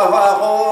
lavar a roupa.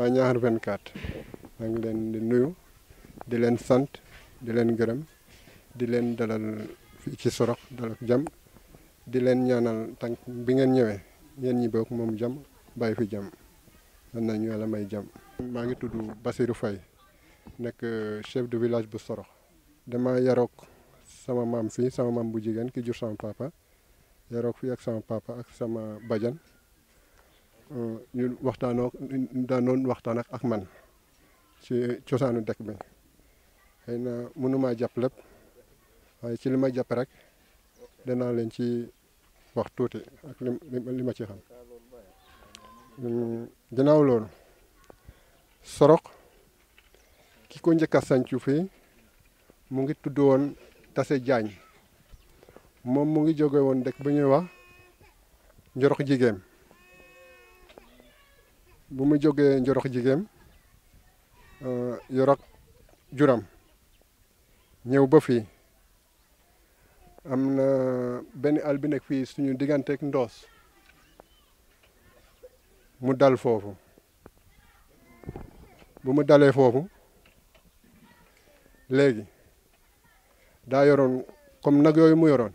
wa ñaar 24 maa ngi leen di nuyu di leen sant di leen gërëm di leen dalal fi ci sorox dalal jam di leen ñaanal tànk bi ngeen ñëwé ñen ñi bokk mom jam bay fi jàmm man ñu yàlla may jam ma ngi tuddu Basirou fay nek euh, chef de village bu sorox dama yarok sama mam fi sama mam bu jigen ki jur sama papa yarok fi ak sama papa ak sama bajan waxtaanook waxtaanoo waxtaan ak man ci cosaanu dek bi xëy na mënumaa jàpp lépp waaye ci li ma jàpp rek danaa leen ci wax tuuti ak li ma ci xam mm, ginnaaw loolu Sorokh ki ko njëkk a sancu fii mu ngi tudd woon Tase Jaañ moom mu ngi jóge woon dëkk bi ñuy wax Njorox Jigéem bu ma jógee njorox jigéem euh, yorok juram ñëw ba fii am na benn àll bi fii suñu digganteeg ndoos mu dal foofu bu mu dalee foofu léegi daa yoroon comme nag yooyu mu yoroon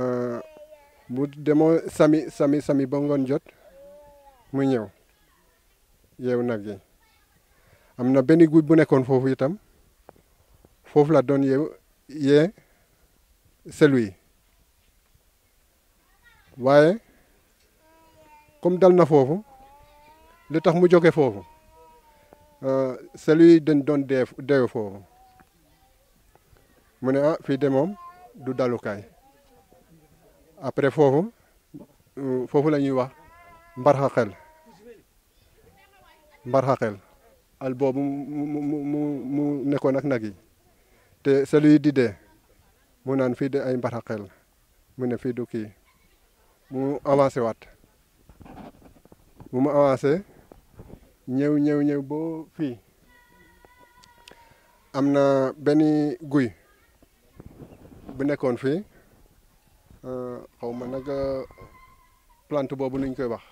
euh, bu demoo sami sami sami ba ngoon jot mu ñëw yeew nag yi am na benn guy bu nekkoon foofu itam foofu la doon yeew yee selu yi waaye comme dal na foofu li tax mu jóge foofu euh, selu yi dañ doon dee foofu mu ne ah fii de moom du dalukaay après foofu foofu la ñuy wax mbarxaxel mbarxaxel al boobu mu mu mu mu nekkoon ak nag yi te celui di dee mu naan fii de ay mbarxaxel mu ne fii du kii mu avancé waat bu mu avancé ñëw ñëw ñëw boo fii am na benn guy bu nekkoon fii xaw ma naga plante boobu nuñ koy wax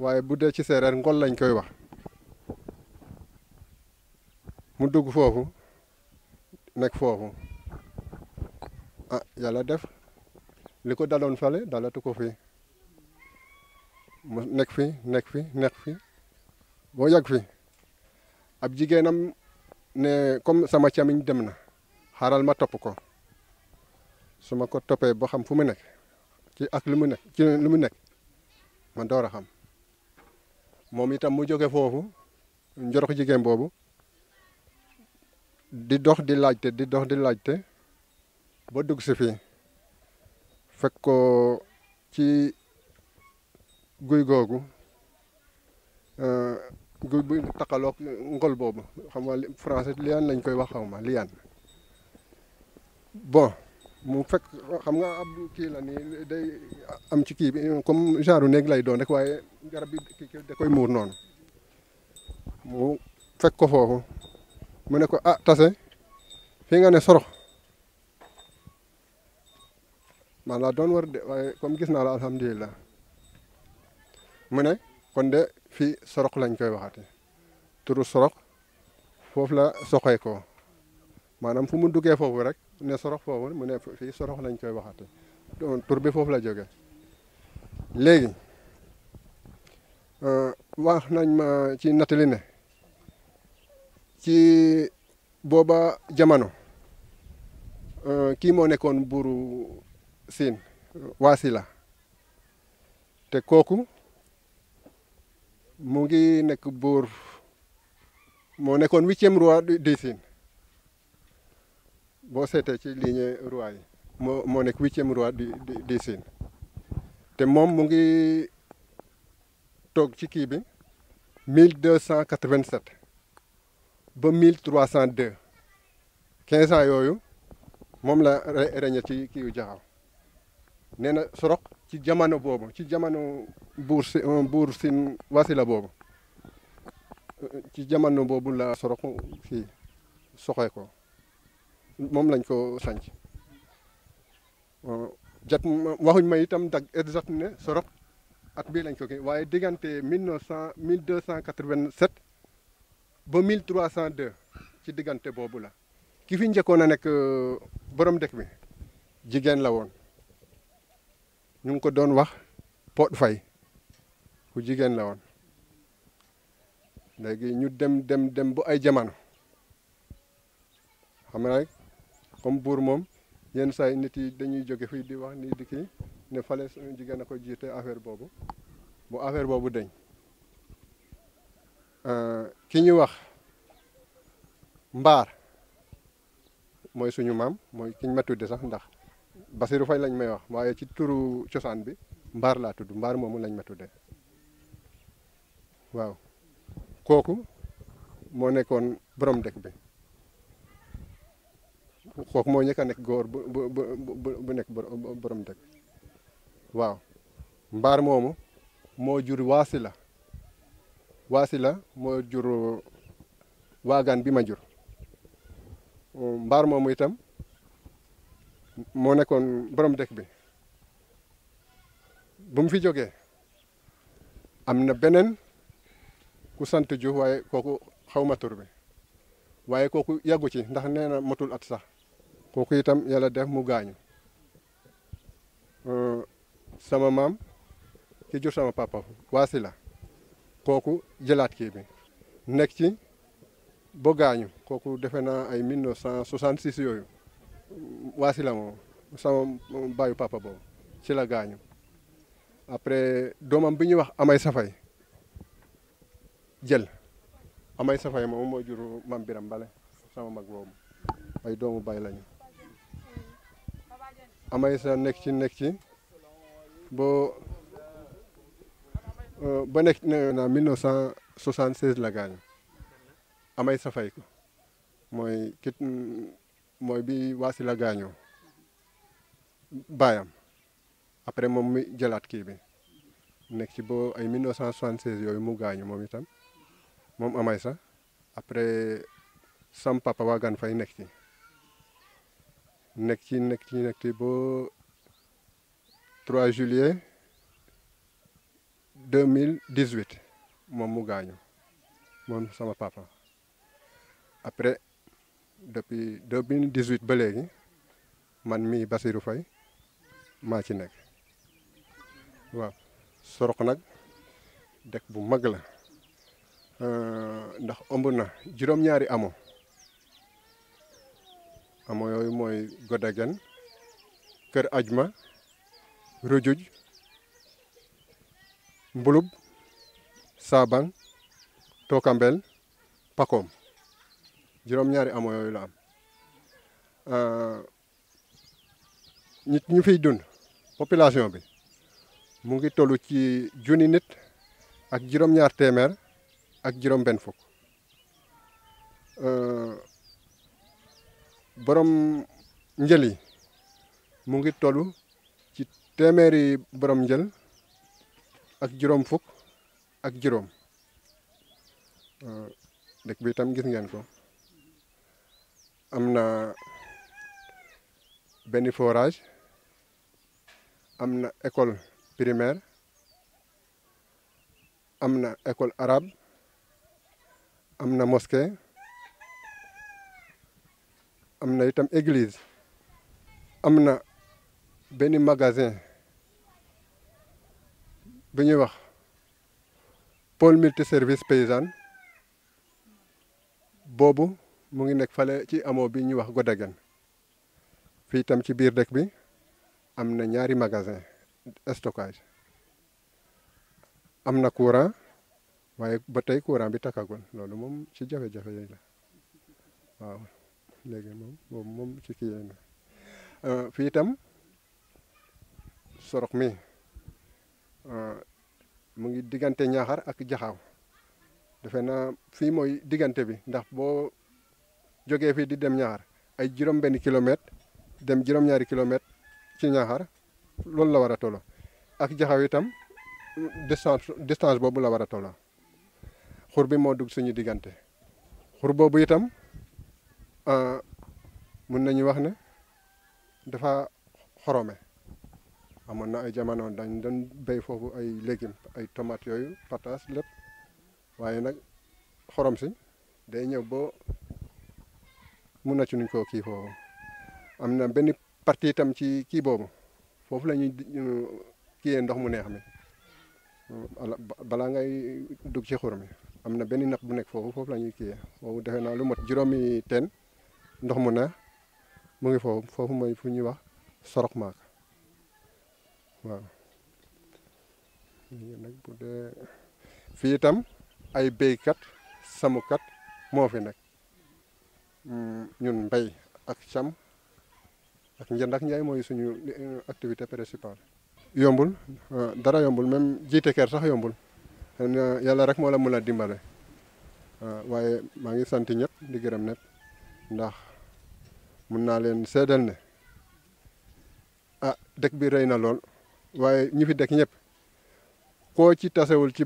waaye bu dee ci séeréer ngol lañ koy wax mu dugg foofu nekk foofu ah yàlla def li ko daloon fale dalatu ko fi mu nekk fi nekk fi nekk fi boo yegg fi ab jigéenam ne comme sama camiñ dem na xaaral ma topp ko su ma ko toppee ba xam fu mu nekk ci ak lu mu ne ci lu mu nekk man door a xam moom itam mu jóge foofu njorox jigéen boobu di dox di laajte di dox di laajte ba dugg si fii fekk ko ci guy googu eh, guy bu taqaloog ngol boobu xam nga français lian lañ koy wax xaw ma lian bon mu fekk xam nga ab kii la nii day am ci kii bi comme genre néeg lay doon rek waaye garab yi kii da koy muur noonu mu fekk ko foofu mu ne ko ah tase fii nga ne sorox man laa doon war de waaye comme gis naa la alhamdulilah mu ne kon de fii sorox lañ koy waxati turu sorox foofu la soxee ko maanaam fu mu duggee foofu rek ne sorox foofu mu ne fii sorox lañ koy waxate tur bi foofu la jóge léegi euh, wax nañ ma ci nattali ne ci booba jamono euh, kii moo nekkoon buuru siin waasila te kooku mu ngi nekk buur moo nekkoon huitième roi du siin boo seetee ci lignée roi yi moo moo nekk huitième roi di di Sine te moom mu ngi toog ci kii bi mille deux cent ba mille trois cent deux quinze ans yooyu moom la reñe ci kii yu jaxaw nee na Sorokh ci jamono boobu ci jamono buur si euh, Wasila boobu euh, ci jamono boobu la Sorokh fii soxee ko moom lañ ko sanc jat waxuñ ma itam dag exat ne sorop at bii lañ ko kii waaye diggante mille neuf cent mille deux cent quatre vingt ba mille trois cent ci diggante boobu la ki fi njëkkoon a nekk euh, boroom dëkk bi jigéen la woon ñu ngi ko doon wax Pod Faye ku jigéen la woon léegi ñu dem dem dem bu ay jamono xam nga rek comme bour mom yeen say nit yi dañuy joge fi di wax ni diki, ki ne fale jigen ko jité affaire bobu bu affaire bobu deñ euh ki ñu wax mbar moy suñu mam moy kiñ ma tuddé sax ndax basiru fay lañ may wax waye ci turu ciosan bi mbar la tuddu mbar momu lañ ma tuddé waaw koku mo nekkon borom dekk bi kooku moo ñëkk a nekk góor bu bu bu nekk borom dëkk waaw mbaar moomu moo jur waasila waasila moo jur waagaan bi ma jur mbaar moomu itam moo nekkoon borom dëkk bi bu mu fi jógee am na beneen ku sant ju waaye kooku xaw ma tur bi waaye kooku yàggu ci ndax nee na matul at sax kooku itam yàlla def mu gaañu euh, sama maam ki jur sama papa waasi la kooku jëlaat kii bi nekk ci ba gaañu kooku defe na ay 1966 yooyu waasi la moom sama baayu papa boobu ci la gaañu après doomam bi ñuy wax amay safay jël amay safay moom moo jur mam biram bale sama mag boobu ay doomu bay lañu amay sa nekk ci nekk ci ba euh, ba nekk na 1976 la gaañu amay sa fay ko mooy kit mooy bi waasi la gaañoo baayam après moom mi jëlaat kii bi nekk ci bo ay 1976 yooyu mu gaañu moom itam moom amay sa après sam papa waagaan fay nekk ci nekk ci nekk ci 3 juillet 2018 moom mu gaañu moom sama papa après depuis 2018 ba léegi man mi Basirou fay ma ci nek waaw sorok nak dëkk bu mag la euh, ndax ombuna juroom ñaari amoo amoo yooyu mooy Godagen Kër Ajma Rujuj Mbulub Saabang Tokambel Pakom juróom-ñaari amoo yooyu la am nit ñu fiy dund population bi mu ngi tollu ci junni nit ak juróom-ñaar téeméer ak juróom-benn fukk borom njël yi mu ngi tollu ci téeméeri borom njël ak juróom fukk ak juróom euh, dëkk bi tam gis ngeen ko am na benn forage am na école primaire am na école arabe am na mosquée am na itam église am na benn magasin bu ñuy wax pôle service paysan boobu mu ngi nekk fale ci amoo bi ñuy wax Godagen fii itam ci biir dëkk bi am na ñaari magasin stockage am na courant waaye ba tey courant bi takkagul loolu moom ci jafe-jafe yi la léegi moom boobu ci kii yooyu euh, fii tam sorox mi euh, mu ngi diggante ñaaxar ak jaxaaw defe na fii mooy diggante bi ndax boo jógee fii di dem ñaaxar ay juróom benn kilomètre dem juróom-ñaari kilomètre ci ñaaxar loolu la war a tolo ak jaxaw itam distance distance boobu la war a tolo xur bi moo dugg suñu diggante xur boobu itam Euh, mun nañu wax ne dafa xorome amoon na ay jamono dañ doon béy foofu ay légumes ay tomates yooyu pataas lépp waaye nag xorom si day ñëw boo mun na ci nuñ koo kii foofu am na benn partie itam ci kii boobu foofu la ñuy kiyee ndox mu neex mi balaa ngay dugg ci xur mi am na benn napp bu nekk foofu foofu la ñuy kiyee foofu defe naa lu mot juróomi teen ndox mu neex mu ngi foofu foofu mooy fu ñuy wax sorox maak waaw nag bu dee fii itam ay béykat samukat moo fi nag mm, ñun mbay ak cam ak njënd ak njaay mooy suñu eh, activité principale yombul eh, dara yombul même jiite ker sax yombul yàlla rek moo la mën a dimbale eh, waaye maa ngi sant ñëpp di gërëm nag ndax mun naa leen ne ah dëkk bi rëy na lool waaye ñi fi dëkk ñëpp koo ci tasewul ci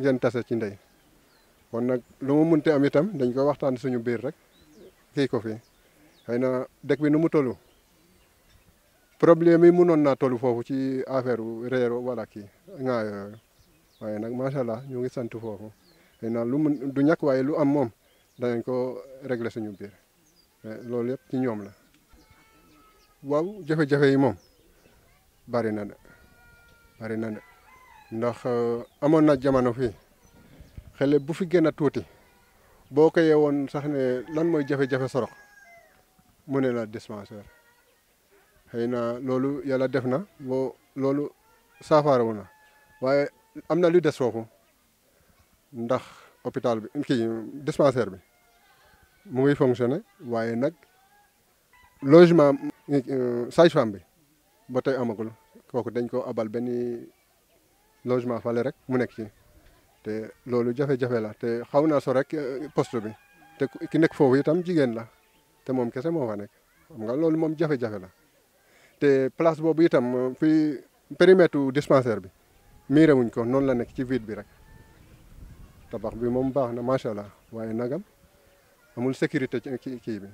ngeen tase ci ndey kon nag lu mu munte am itam dañ ko waxtaan suñu biir rek kii ko fi xëy na dëkk bi nu mu tollu problème yi munoon naa tollu foofu ci affaire réero wala kii ŋaa yooyu waaye nag macha allah ñu ngi sant foofu xëy na lu mun du ñàkk waaye lu am moom danañ ko régler suñu biir loolu yëpp ci ñoom la waaw jafe-jafe yi moom bari na de bari na de ndax euh, amoon na jamono fii xale bu fi gën a tuuti boo ko woon sax ne lan mooy jafe-jafe Sorokh mu ne na dispensaire xëy na loolu yàlla def na boo loolu saafarawu na waaye am na lu des foofu ndax hôpital bi kii dispensaire bi. mu ngi fonctionné waaye nag logement euh, sage-femme bi ba tey amagul kooku dañ ko abal benn logement fale rek mu nekk ci te loolu jafe-jafe la te xaw naa so rek euh, poste bi te ki nekk foofu itam jigéen la te moom kese moo fa nekk xam nga loolu moom jafe-jafe la te place boobu itam euh, fii périmètre dispensaire bi wuñ ko noonu la nekk ci vide bi rek tabax bi moom baax na macha allah waaye nagam. amul sécurité ci kii bi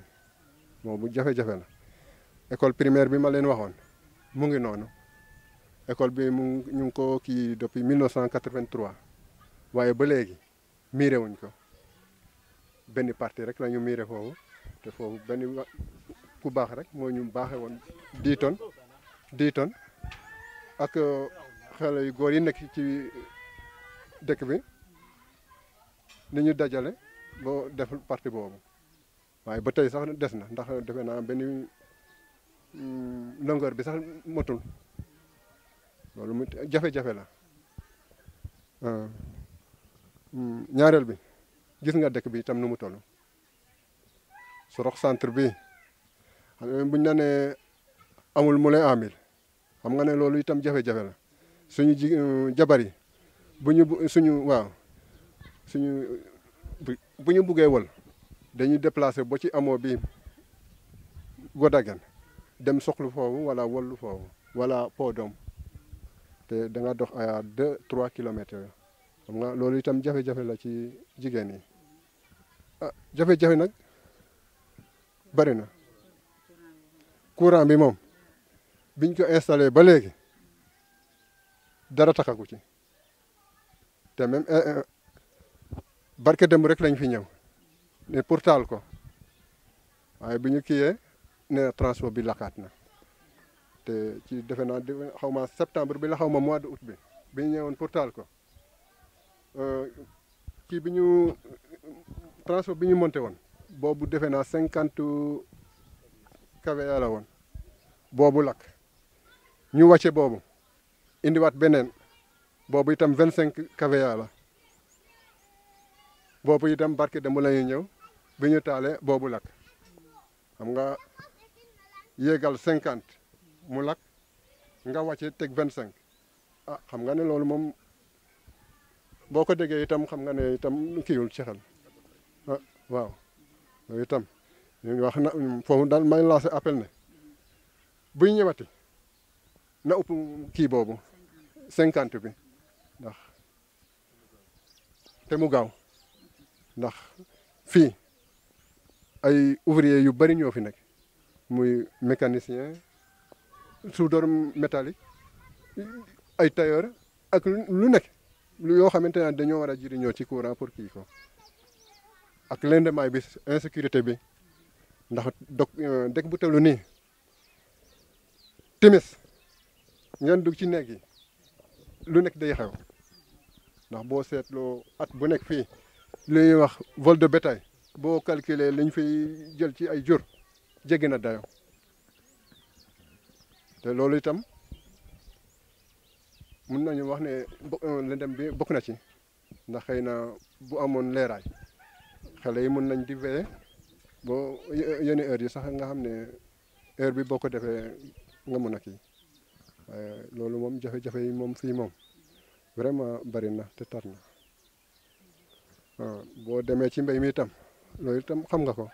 boobu jafe-jafe la école primaire bi ma leen waxoon mu ngi noonu école bi mu ñu ko kii depuis 1983 waaye ba léegi miire wuñ ko benn partie rek lañu ñu miire foofu te foofu benn ku baax rek moo ñu baaxe woon 10 tonnes 10 tonnes ak euh, xale yu góor yi nekk ci dëkk bi ni ñu dajale. bo def parti bobu waye ba tey sax des na ndax defé naa ben mm, longueur bi sax motul lolou mu jafé jafé la ah. mm, ñaareel bi gis nga dekk bi tam nu mu su rox centre bi buñ nané amul moulin amil. xam nga né lolou itam jafé jafé la suñu ji euh, jabar yi buñu suñu waaw suñu bu ñu buggee wol dañuy déplacé boo ci amoo bi Godagen dem soxlu foofu wala wëllu foofu wala Podom te da nga dox à deux trois kilomètres yooyu xam nga loolu itam jafe-jafe la ci jigéen yi ah, jafe-jafe nag bari na courant bi moom biñ ko installé ba léegi dara taxagu ci te même eh, eh, barke dem rek lañ fi ñëw ne pour taal ko waaye bi ñu kiiyee ne transport bi lakaat na te ci defe naa xaw ma septembre bi la xaw ma mois de août bi bi ñu ñëwoon pour taal ko euh, kii bi ñu transport bi ñu monte woon boobu defe naa cinquante kVA la woon boobu lakk ñu wàcce boobu indiwaat beneen boobu itam vingt cinq kVA la boobu itam barke dama lañu ñëw bi ñu taalee boobu lakk xam nga yéegal cinquante mu lakk nga wàcce teg vingt cinq a ah, xam nga ne loolu moom boo ko déggee itam xam nga ne itam kiiwul ci xel ah waaw loolu itam wax na foofu daal may lancé appel ne buy ñëwati na upp kii boobu cinquante bi ndax te mu gaaw ndax fii ay ouvrier yu bëri ñoo fi nekk muy mécanicien soudeur métallique ay tailleur ak lu nekk lu yoo xamante ne dañoo war a jëriñoo ci courant pour kii ko ak lendemaay bi insécurité bi ndax dog euh, dëkk bu nii timis ngeen dugg ci néeg yi lu nekk day xew ndax boo seetloo at bu nekk fii li wax vol de bétail boo calculer li fi jël ci ay jur jéggi na dayo te loolu itam mun nañu wax ne euh, lëndëm bi bokk na ci ndax xëy na bu amoon leeraay xale yi mun nañ di veiller boo yenn heure yi sax nga xam ne heure bi boo ko defee nga mun a ki waaye loolu moom jafe-jafe yi moom fi moom vraiment bari na te tar na waaw boo demee ci mbéy mi itam loolu itam xam nga ko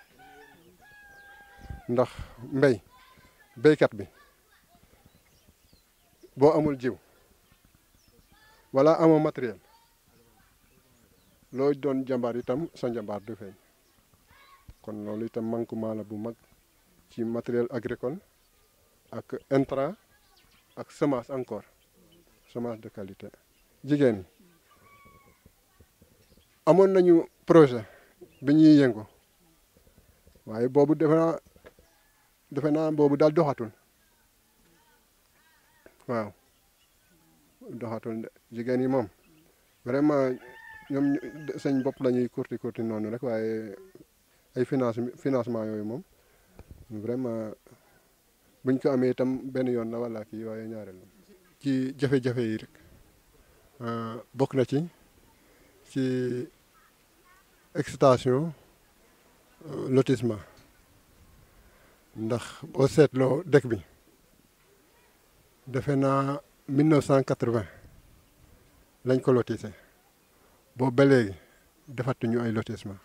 ndax mbéy béykat bi boo amul jiw wala amoo matériel loo doon jàmbaar itam sa njàmbaar du feeñ kon loolu itam manquement la bu mag ci matériel agricole ak intrant ak semence encore semence de qualité jigéen amoon nañu projet bi ñuy yëngu waaye boobu defe defe naa boobu daal doxatul waaw doxatul jigéen yi moom vraiment ñoom seen bopp la ñuy kurti kurti noonu rek waaye ay finance financement yooyu moom vraiment buñ ko amee itam benn yoon la walla kii waaye ñaareel ci jafe-jafe yi rek ah, bokk na ci ci extension euh, lotissement ndax boo seetloo dëkk bi defe naa 1980 lañ ko lotissé boobu ba léegi defatuñu ay lotissement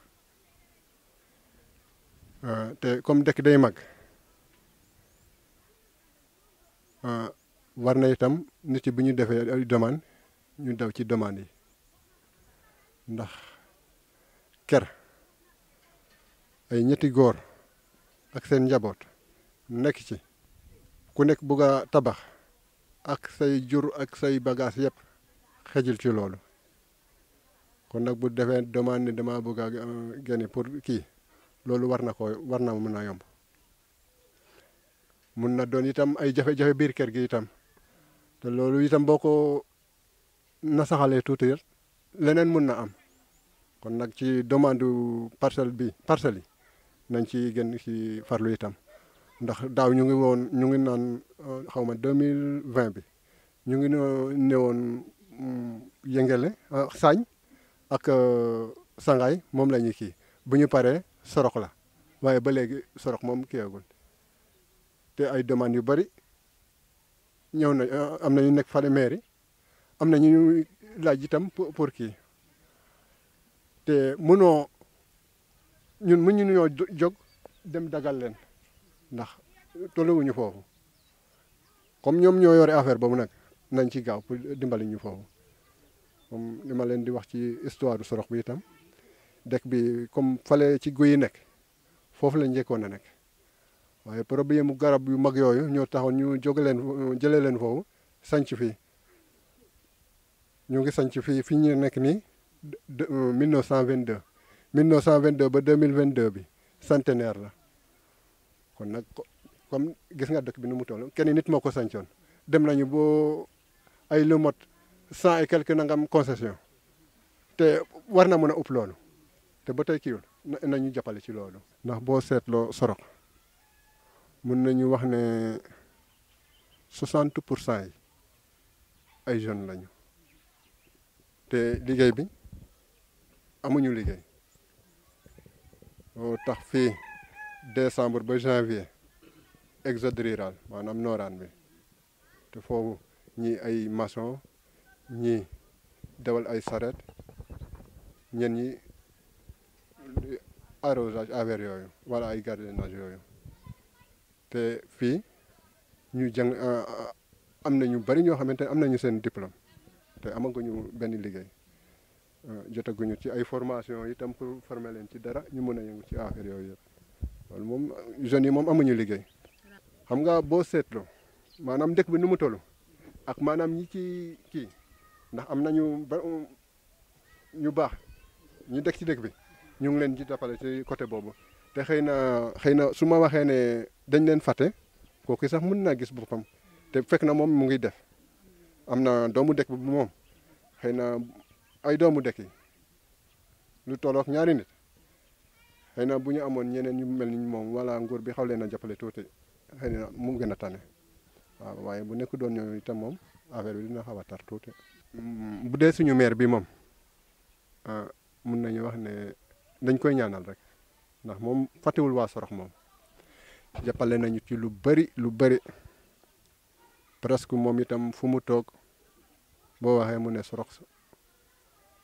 euh, te comme dëkk day mag euh, war na itam nit yi bu ñu defee ay demande ñu daw ci demande yi ndax. cer ay ñetti góor ak seen njaboot nekk ci ku nekk tabax ak say jur ak say bagage yépp xejil ci loolu kon nag bu defee demande ne dama bëgg a euh, génne pour kii loolu war na ko war na mun a yomb mun na doon itam ay jafe-jafe biir kër gi itam te loolu itam boo ko nasaxalee tuuti leneen mun na am kon nag ci demande parcelle bi parcelle yi nañ ci gën ci farlu itam ndax daaw ñu ngi woon ñu ngi naan euh, xaw ma deux mille vingt bi ñu ngi ne woon mm, yëngale euh, saañ ak euh, sangaay moom la ñuy kii bu paree sorox la waaye ba léegi sorox moom kiyagul te ay demandes yu bari ñëw na am na ñu nekk fale mairie am na ñu laaj itam pour kii. te mënoo ñun mënuñu ñoo jóg dem dagal leen ndax tolluwuñu foofu comme ñoom ñoo yore affaire boobu nag nañ ci gaaw pour dimbali ñu foofu comme li ma leen di wax ci histoire du Sorox bi itam dëkk bi comme fale ci guy yi nekk foofu la njëkkoon a nekk waaye problème mu garab yu mag yooyu ñoo taxoon ñu jóge leen jëlee leen foofu sanc fii ñoo ngi sanc fii fi ñu nekk nii 1922 1922 euh, ba 2022 bi centenaire la kon nag comme gis nga dëkk bi nu mu toll kenn nit moko ko dem nañu bo ay lu mot cent et quelque nangam concession te warna na mën upp loolu te ba tey kiiwul nañu jàppale ci loolu ndax bo seetloo Sorokh mun nañu wax ne soixante pour cent yi ay jeunes lañu te liggéey bi amuñu liggéey moo tax fii décembre ba janvier exode rural maanaam nooraan bi te foofu ñi ay maçon ñi dawal ay saret ñen ñi arrosage affaire yooyu wala ay gardiennage yooyu te fii ñu jàng am na ñu bari ñoo xamante ne am nañu seen diplôme te amaguñu benn liggéey jotaguñu ci ay formation itam pour former leen ci dara ñu mën a yëngu ci affaire yooyu yëpp loolu moom jeunes yi moom amuñu liggéey xam nga boo seetloo maanaam dëkk bi nu mu tollu ak maanaam ñi ci kii ndax am nañu ba ñu baax ñu dëkk ci dëkk bi ñu ngi leen ci jàppale ci côté boobu te xëy na xëy na su ma waxee ne dañ leen fàtte kooku sax mën naa gis boppam te fekk na moom mu ngi def am na doomu dëkk bi moom xëy na ay doomu dëkk lu tollook ñaari nit xëy na bu ñu amoon ñeneen ñu mel ni moom wala nguur bi xaw leen a jàppale tuuti na mu gën a tane waaw waaye bu nekk doon ñooñu itam moom affaire bi dina xaw a tar tuuti. Mm, bu dee suñu maire bi moom ah, mun nañu wax ne dañ koy ñaanal rek ndax moom fàttewul waa Sorox moom jàppale nañu ci lu bari lu bari presque moom itam fu mu toog boo waxee mu ne Sorox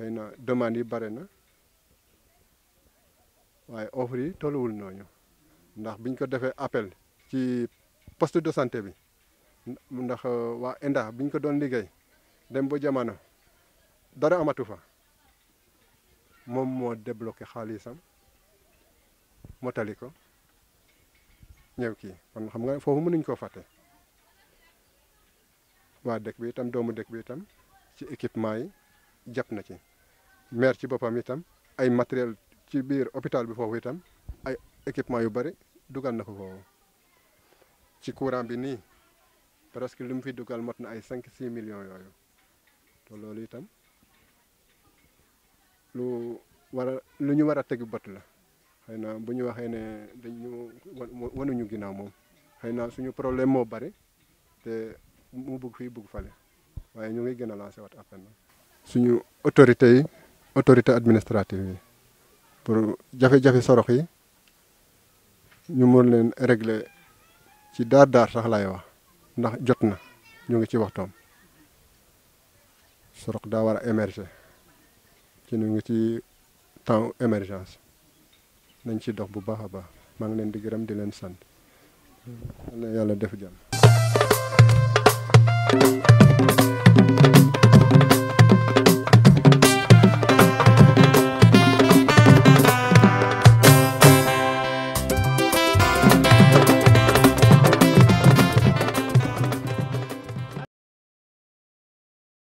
xëy na demande yi bare na waaye offre yi tolluwul nooñu ndax biñ ko defee appel ci poste de santé bi ndax euh, waa ENDA biñ ko doon liggéey dem ba jamono dara amatu fa moom moo débloqué xaalisam motali ko ñëw kii kon xam nga foofu mënuñ koo fatte waa dëkk bi itam doomu dëkk bi itam ci équipement yi jàpp na ci mer ci bopam itam ay matériel ci biir hôpital bi fofu itam ay équipement yu bari dugal na ko foofu ci courant bi nii presque li mu fi dugal mot na ay 5 6 millions yooyu te loolu itam lu wara lu ñu wara a teg bët la xëy na bu ñu waxee ne dañu wanuñu ginnaaw moom xëy na suñu problème moo bari te mu bugg fii bugg fale waaye ñu ngi gën a lancé wat appel suñu autorité yi autorité administrative yi pour jafe-jafe sorox yi ñu mën leen régler ci daar daar sax laay wax ndax jot na ñu ngi ci waxtoom sorox daa wara a ci ñu ngi ci temps émergence nañ ci dox bu baax a baax maa ngi leen di gërëm di leen sant na yàlla def jàmm